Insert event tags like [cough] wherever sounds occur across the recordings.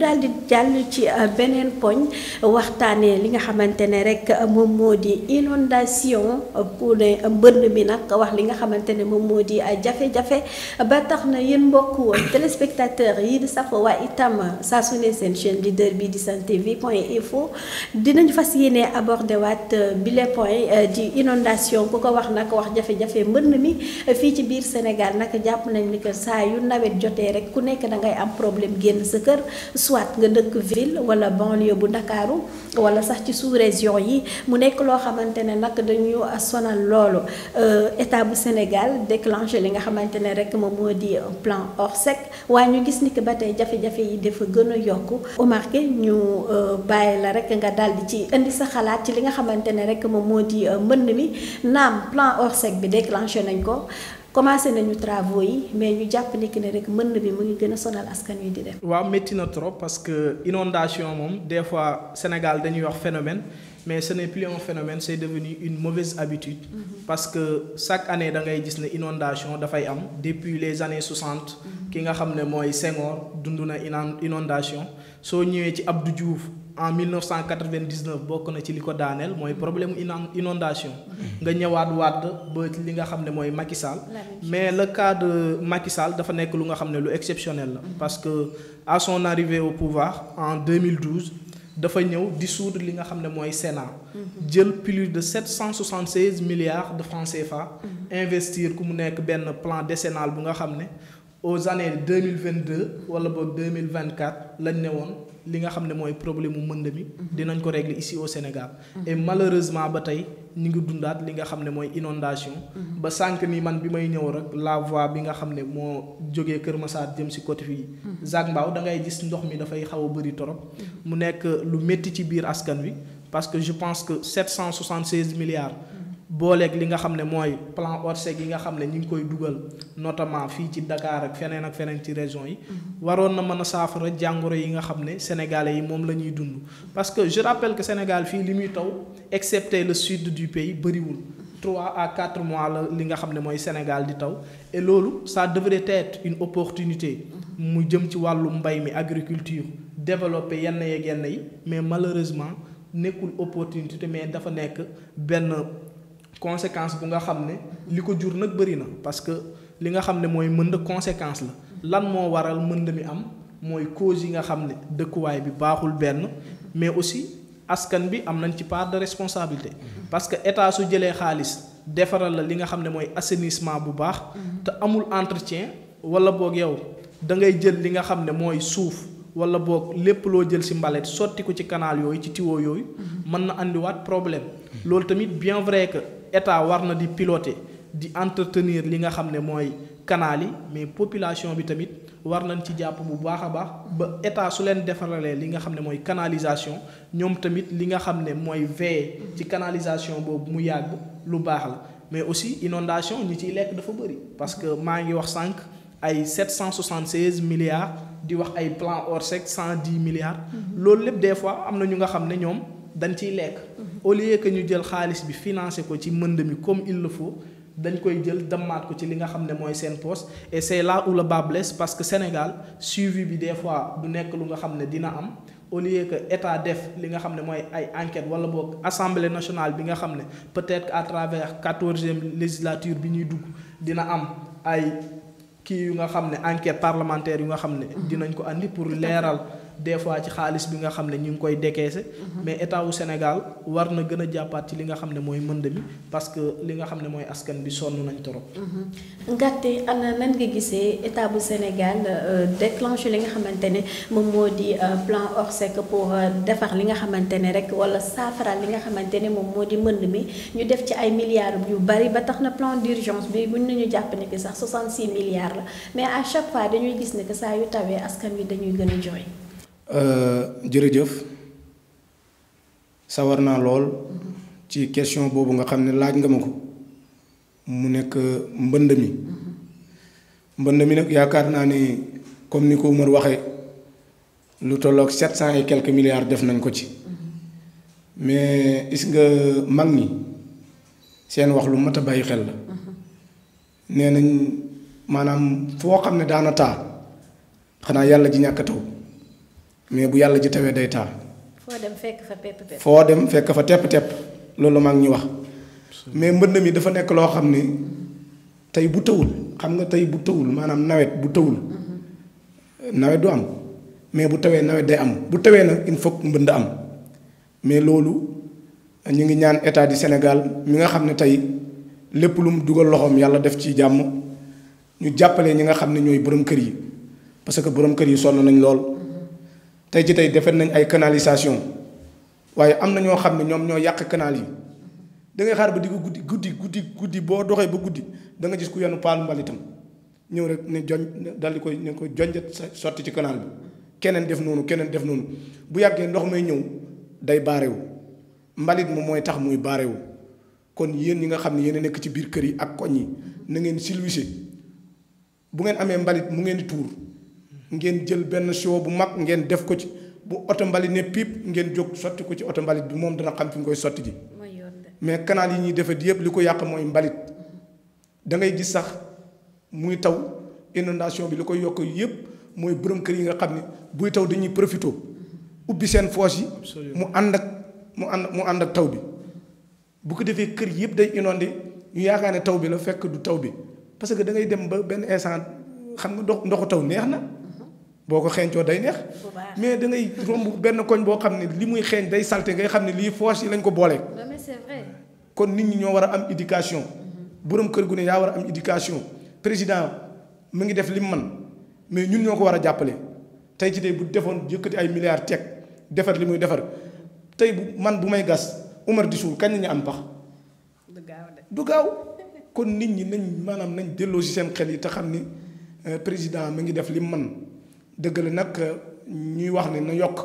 daal di jàll ci euh, beneen poñ waxtaanee li nga xamante ne rek euh, moom moo di inondation euh, pour ne mbënn mi nag wax li nga xamante ne moom moo di ay jafe-jafe ba tax na yéen mbokku téléspectateurs yi di safo waa itam saa su ne seen chaîne leader bi di Sen TV point faut dinañu fas yéene abordé waat bile point di inondation ku ko wax nag wax jafe-jafe mbënn mi fii ci biir Sénégal nag jàpp nañ ni que saa yu nawet jotee rek ku nekk da ngay am problème génn sa kër. soit nga dëkk ville wala banlieue bu ndakaaru wala sax ci sous région yi mu nekk loo xamante ne nag dañu sonal loolu euh, état bu Sénégal déclenché li nga xamante ne rek moom moo di plan Orsec waaye ñu gis ni que ba tey jafe-jafe yi dafa gën a yokk Omar Gueye ñu euh, bàyyi la rek nga daal di ci indi sa xalaat ci li nga xamante ne rek moom moo di euh, mbënn mi naam plan Orsec bi déclenché nañ ko. commencé nañu travaux yi mais nous jàpp que nous ne rek mën na bi mu ngi gën a sonal askan trop parce que inondation des fois Sénégal c'est un phénomène mais ce n'est plus un phénomène c'est devenu une mauvaise habitude. Mm-hmm. parce que chaque année da ngay gis inondation depuis les années 60. Mm-hmm. ki nga xam ne mooy Senghor dund inondation soo ñëwee ci Abdou Diouf en 1999 bokk na ci eu un problème inondation nga ñëwaat wàdd ba li nga xamné moy Macky Sall mais le cas de Macky Sall dafa lu nga exceptionnel parce que à son arrivée au pouvoir en 2012 dafa ñëw dissoudre li nga xamné moy Sénat jël plus de 776 milliards de francs CFA investir ku mu plan décennal bu nga aux années 2022 wala boog 2024 mille vingt lañ ne li nga xamné moy problème mu mënd mi. Mhm. dinañ ko régler ici au Sénégal. Mhm. et malheureusement ba tay ñi ngi dundaat li nga xamné moy inondation. Mhm. ba sank ni man bi may ñëw rek la voie bi nga xamné mo joggé kër ma sa jëm ci côté fii. Zac Mbaw da ngay gis ndox mi fay xaw a torop. mu nekk lu metti ci biir askan wi parce que je pense que 776 milliards booleeg li nga xam ne mooy plan Orsec yi nga xam ne ñu ngi koy dugal notamment fii ci Dakar ak feneen ak feneen ci région yi. Mhm. waroon na mën a saafara jàngoro yi nga xam ne sénégalais yi moom la ñuy dund. parce que je rappelle que Sénégal fii li muy taw excepté le sud du pays bëriwul. trois à quatre mois la li nga xam ne mooy Sénégal di taw et loolu ça devrait être une opportunité. Mhm. mu jëm ci wàllu mbay mi agriculture développer yenn yeeg yenn yi mais malheureusement nekkul opportunité mais dafa nekk benn conséquences bu nga xamné liko jur nak bari na parce que li nga xamné moy mooy mënd conséquence la lan mo waral mënd mi am moy cause yi nga xamné ne dëkkuwaay bi baxul ben mais aussi askan bi am nañ ci part de responsabilité parce que état su jëlé xaalis défaral la li nga xamné moy assainissement bu baax te amul entretien wala bok yow da ngay jël li nga xamné moy souf wala bok lepp lo jël ci mbalet soti ko ci canal yoy ci tiwo yoy man na wat problème lol tamit bien vrai que état warna di piloter di entretenir li nga xamné moy canal yi mais population bi tamit war nañ ci japp bu baax a ba état su len defaralee li nga xamné moy canalisation ñom tamit li nga xamné moy mooy ci canalisation bobu mu yàgg lu baax la mais aussi inondation ñi ciy lekk dafa bëri parce que ma ngi wax sànq ay 776 milliards di wax ay plan sec 110 milliards mm-hmm. loolu lepp des fois amna ñu nga xamné ñom dañ ciy lekk au lieu que ñu jël xaalis bi financer ko ci mënd mi comme il le faut dañ koy jël demaat ko ci li nga xam ne mooy seen poste et c'est là où le bât blesse parce que Sénégal suivi bi des fois du nekk lu nga xam ne dina am au lieu que état def li nga xam ne mooy ay enquête wala boog assemblée nationale bi nga xam ne peut-être à travers quatorzième législature bi ñuy dugg dina am ay kii yu nga xam ne enquête parlementaire yu nga xam ne dinañ ko andi pour leeral des fois ci xaalis bi nga xam ne ñu ngi koy décaisser. Mhm. mais état wu Sénégal war na gën a jàppaat ci li nga xam ne mooy mënd mi parce que li nga xam ne mooy askan bi sonn nañ trop. Mhm. Ngatte ana nan nga gisee état bu Sénégal euh, déclenché li nga xamante ne moom moo di euh, plan Orsec pour euh, defar li nga xamante ne rek wala saafara li nga xamante ne moom moo di mënd mi ñu def ci ay milliards yu bari ba tax na plan d'urgence bi buñ nañu jàpp ne que sax 66 milliards la mais à chaque fois dañuy gis ne que saa yu tawee askan wi dañuy gën a jooy. Euh, jërëjëf sawar naa lool ci question boobu nga xam ne laaj nga ma ko mu nekk euh, mbënd mi mbënd mi nag yaakaar naa ne comme ni ko Umar waxee lu tolloog sept cent et quelques milliards def nañ ko ci mais gis nga mag ñi seen wax lu mat a bàyyi xel la nee nañ maanaam foo xam ne daana taa xanaa yàlla ji ñàkk mais bu yàlla ji tawee day taal. foo dem fekk fa tepp tepp. foo dem fekk fa tepp tepp loolu mag ñu wax. mais mbënd mi dafa nekk loo xam ni tey bu tawul xam nga tey bu tawul maanaam nawet bu tawul. Mm-hmm. nawet du am mais bu tawee nawet day am bu tawee nag il faut mbënd am mais loolu ñu ngi ñaan état du Sénégal mi nga xam ne tey lépp lu mu dugal loxoom yàlla def ci jàmm ñu jàppale ñi nga xam ne ñooy borom kër yi parce que borom kër yi sonn nañ lool. tey ji tey defar nañ ay canalisation waaye am na ñoo xam ne ñoom ñoo yàq canal yi da ngay xaar ba diggu guddi guddi guddi guddi boo doxee ba guddi danga gis ku yenn paalu mbalitam ñëw rek ne joñ dal di koy ne ko jonjat sotti ci canal bi keneen def noonu keneen def noonu bu yàggee ndox may ñëw day baarewu mbalit mu mooy tax muy baarewu kon yéen yi nga xam ne yéen nekk ci biir kër yi ak koñ yi na ngeen silwise bu ngeen amee mbalit mu ngeen di tuur ngeen jël benn show bu mag ngeen def ko ci bu oto mbali ne pip ngeen jóg sotti ko ci oto mbalit bi moom dana xam fi ngoy koy sotti ji mais canal yi ñuy defet yépp li ko yàq mooy mbalit da ngay gis sax muy taw inondation bi li koy yokk yépp mooy borom kër yi nga xam ne buy taw dañuy profito ubbi seen foos yi mu ànd ak mu ànd mu ànd ak taw bi bu ko defee kër yépp day inondé ñu yaakaar ne taw bi la fekk du taw bi parce que da ngay dem ba benn instant xam nga ndox ndoxu taw neex boo ko xeeñcoo day neex mais da ngay romb benn koñ boo xam ne li muy xeeñ day salté ngay xam ne lii foos yi lañ ko boolee kon nit ñi ñoo war a am éducation boroom kër gu ne yaa war a am éducation président mu ngi def li mu man mais ñun ñoo ko war a jàppale tey ci tey bu defoon yëkkati ay milliards teg defar li muy defar tey bu man bu may gas Umar di suul kañ la ñu du gaaw kon nit ñi nañ maanaam nañ delloo si seen xel yi te xam ni euh, président mu ngi def li mu man dëgg la nag euh, ñuy wax ne na yokk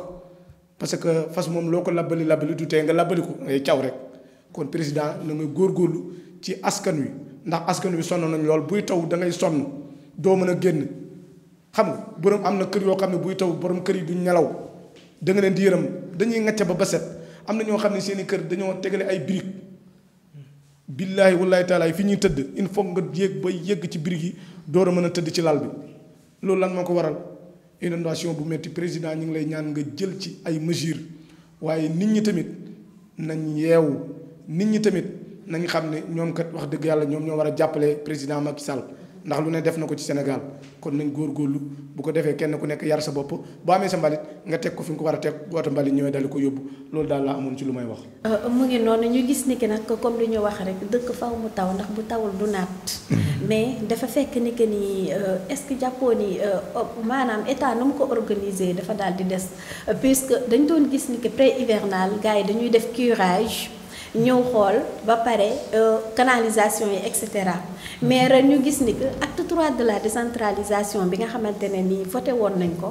parce que fas moom loo ko labbali labbali du tee nga labbali ko ngay caw rek kon président na góor góorlu ci askan wi ndax askan wi sonn nañ lool buy taw dangay sonn doo mën a génn xam nga borom am na kër yoo xam ne buy taw borom kër yi du nelaw da nga leen di yërëm dañuy ngacce ba baset am na ñoo xam ne seen i kër dañoo tegale ay birig billaahi wallaahi taalaay fi ñuy tëdd il faut nga yéeg ba yëgg ci birig yi door a mën a tëdd ci lal bi loolu lan moo ko waral inondation bu metti président ñu ngi lay ñaan nga jël ci ay mesures waaye nit ñi tamit nañ yeewu nit ñi tamit nañ xam ne ñoom kat wax dëgg yàlla ñoom ñoo war a jàppale président Macky Sall ndax lu ne def na ko ci Sénégal kon nañ góor góorlu bu ko defee kenn ku nekk yar sa bopp boo amee sa mbalit nga teg ko fi nga ko war a teg bu oto mbalit ñëwee dali ko yóbbu loolu daal laa amoon ci lu may wax. Euh, mu noonu ñu gis ni que nag comme li ñu wax rek dëkk faw mu taw ndax bu tawul du naat. [laughs] mais dafa fekk ni que ni euh, est ce que jàppoo ni euh, maanaam état nu mu ko organiser dafa daal di des puisque dañ doon gis ni que pré hivernal gars yi dañuy def curage. nous euh, avons canalisation, etc. Mais nous avons vu que l'acte 3 de la décentralisation, nous avons voté pour nous.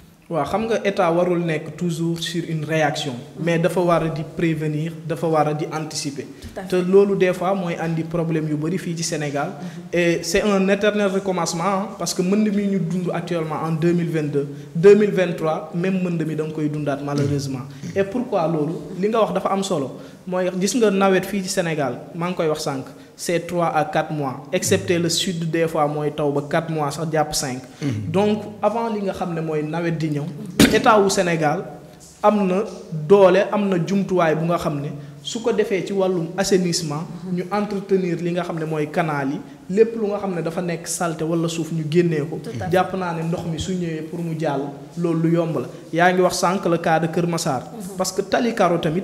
waaw xam nga état warul nek toujours sur une réaction mais dafa wara di prévenir dafa wara di anticiper te lolu des fois moy andi problème yu bari fi ci Sénégal mhm. et c'est un éternel recommencement hein, parce que mënd mi ñu dund actuellement en 2022 2023 même mënd mi dang koy dundat malheureusement mhm. et pourquoi lolu li nga wax dafa am solo moy gis nga nawet fi ci Sénégal mang koy wax sank c'est 3 à 4 mois excepté le sud des fois mooy taw 4 mois sax Diap 5. Mhm. donc avant li nga des choses, état au Sénégal amne amne bu nga assainissement entretenir li des canal yi lépp lu nga dafa nekk salte walla suuf ñu génnee ko fait. des pour mu jàll loolu yomb la le cas de mhm. parce que tali tamit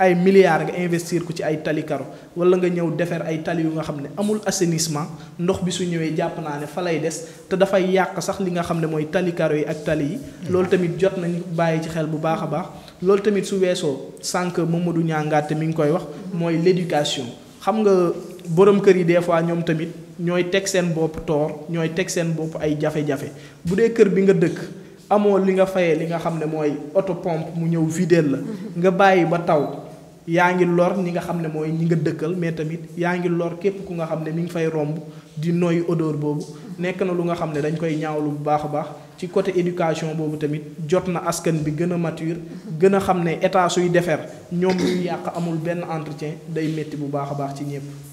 ay milliards nga investir ko ci ay tali karo wala nga ñëw defar ay tali yu nga xam ne amul assainissement ndox bi su ñëwee jàpp naa ne fa lay des te dafay yàq sax li nga xam ne mooy tali karo yi ak tali yi. loolu tamit jot nañu bàyyi ci xel bu baax a baax. loolu tamit su weesoo sànq Mamadou Niangate mi ngi koy wax mooy l'éducation xam nga borom kër yi des fois ñoom tamit ñooy teg seen bopp toor ñooy teg seen bopp ay jafe-jafe bu dee kër bi nga dëkk. amoo li nga fayee li nga xam ne mooy oto pompe mu ñëw videel la mm-hmm. nga bàyyi ba taw yaa ngi lor ni nga xam ne mooy ñi nga dëkkal mais tamit yaa ngi lor képp ku nga xam ne mi ngi fay romb di noy odeur boobu mm-hmm. nekk na lu nga xam ne dañ koy ñaawlu bu baax a baax ci côté éducation boobu tamit jot na askan bi gën a mature mm-hmm. gën a xam ne état suy defar ñoom ñuy yàq amul benn entretien day métti bu baax a baax ci ñëpp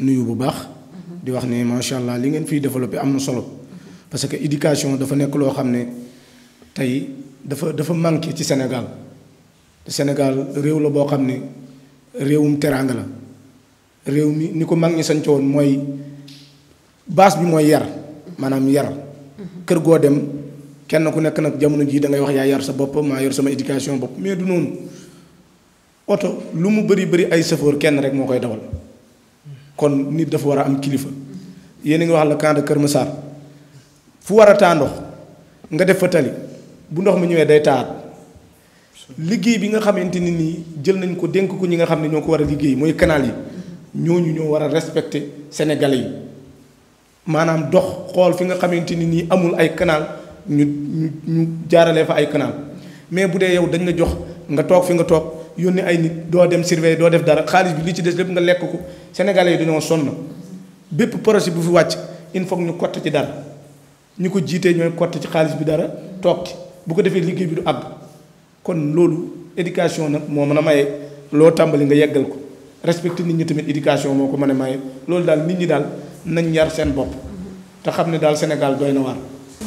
nuyu bu baax di wax ne macha allah li ngeen fi développé am na solo parce que éducation dafa nekk loo xam ne tey dafa dafa manqué ci Sénégal te Sénégal réew la boo xam ne réewum teraanga la réew mi ni ko mag ñi sanc woon mooy base bi mooy yar maanaam yar kër goo dem kenn ku nekk nag jamono ji da ngay wax yaa yar sa bopp maa yor sama éducation bopp mais du noonu oto lu mu bëri bëri ay chauffeur kenn rek moo koy dawal kon nit dafa war a am kilifa yéen a ngi wax la camp Kër Massar fu war a taa ndox nga def fa tali bu ndox mi ñëwee day taat liggéey bi nga xamante ni nii jël nañ ko dénk ko ñi nga xam ne ñoo ko war a liggéey mooy canal yi ñooñu ñoo war a respecté sénégalais yi maanaam dox xool fi nga xamante ni nii amul ay canal ñu ñu ñu jaaralee fa ay kanaal mais bu dee yow dañ la jox nga toog fi nga toog. yónnee ay nit doo dem surveiller doo def dara xaalis bi li ci des lépp nga lekk ko sénégalais yi dañoo sonn bépp projet bu fi wàcc il ñu kott ci dara ñu ko jiitee ñooy kott ci xaalis bi dara toog ci bu ko defee liggéey bi du àgg kon loolu éducation nag moo mën a maye loo tàmbali nga yeggal ko respecté nit ñi tamit éducation moo ko mën a maye loolu daal nit ñi daal nañ yar seen bopp te xam ne daal Sénégal doy na waar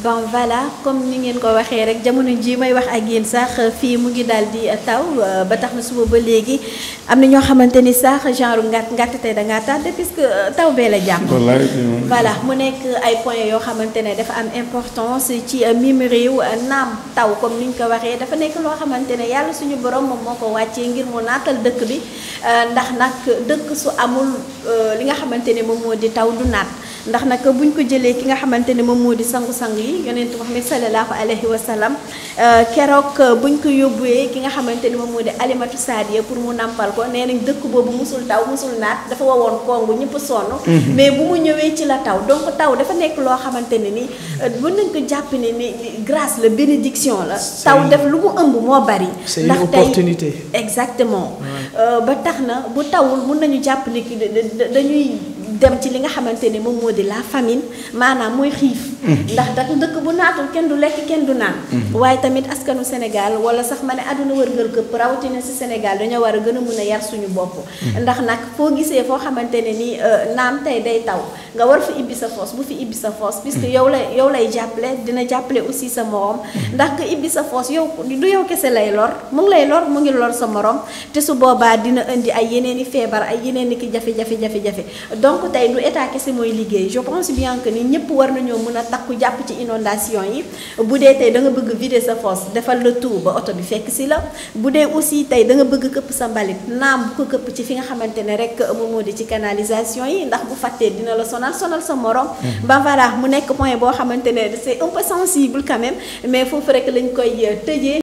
bon voilà comme ni ngeen ko waxé rek jamono ji may wax ak yeen sax fi mu ngi daldi di taw ba taxna suba ba légui amna ño xamanteni ni sax genre ngat ngat tay da ngaa tàdd puisque euh, taw be la jamm voilà mu nek ay point yo xamante dafa am importance ci euh, mim réew euh, nam taw comme ni ñu ko dafa nek lo xamante yalla suñu borom mom moko ko ngir mu natal dëkk bi ndax nak dëkk su amul li nga xamante mom modi taw du nat ndax nag buñ ko jëlee ki nga xamante ne moom di sangu-sang yi yonent Muhammad sallallahu alayhi wa sallam euh, keroog euh, buñ ko yóbbuwee ki nga xamante ne moom moo di alimatu saadiya pour mu nampal ko nee nañ dëkk boobu musul taw musul naat dafa wawoon kongu ñëpp sonn mhm. mais bu mu ci la taw donc taw dafa nekk loo xamante ni euh, mën nañ ko ni grâce la bénédiction la taw def lu mu ëmb bari ndax tey exactement ba tax na bu tawul mun nañu jàpp ni dañuy dem ci li nga xamantene mom modi la famine manam moy xif mm-hmm. ndax dak bu kenn du lek kenn du nan mm-hmm. waye tamit askanu Senegal, wala sax mané aduna wër wërngal këpp rawti si ci senegal dañu wara gëna mëna yar suñu bop mm-hmm. ndax nak fo gisé fo xamantene ni euh, naam tay day taw nga war fi ibbi sa fos bu fi ibbi sa foos puisque yow lay yow lay jappelé dina jappelé aussi sa morom ndax ke ibbi sa foos yow du yow kese lay lor mu ngi lay lor mu ngi lor sa morom té su boba dina indi ay yeneeni febar ay yeneeni ki jafé jafé jafé jafé donc tey du état kese mooy liggéey je pense bien que ni ñëpp war nañoo mun a takku jàpp ci inondation yi bu dee tey da nga bëgg vider sa fosse defal la tour ba oto bi fekk si la bu dee aussi tey da nga bëgg këpp sa mbalit naam bu ko këpp ci fi nga xamante ne rek moom moo ci canalisation yi ndax bu fattee dina la sonal sonal sa morom mhm. ba voilà mu nekk point boo xamante ne c'est un peu sensible quand mais foofu rek lañ koy euh, tëjee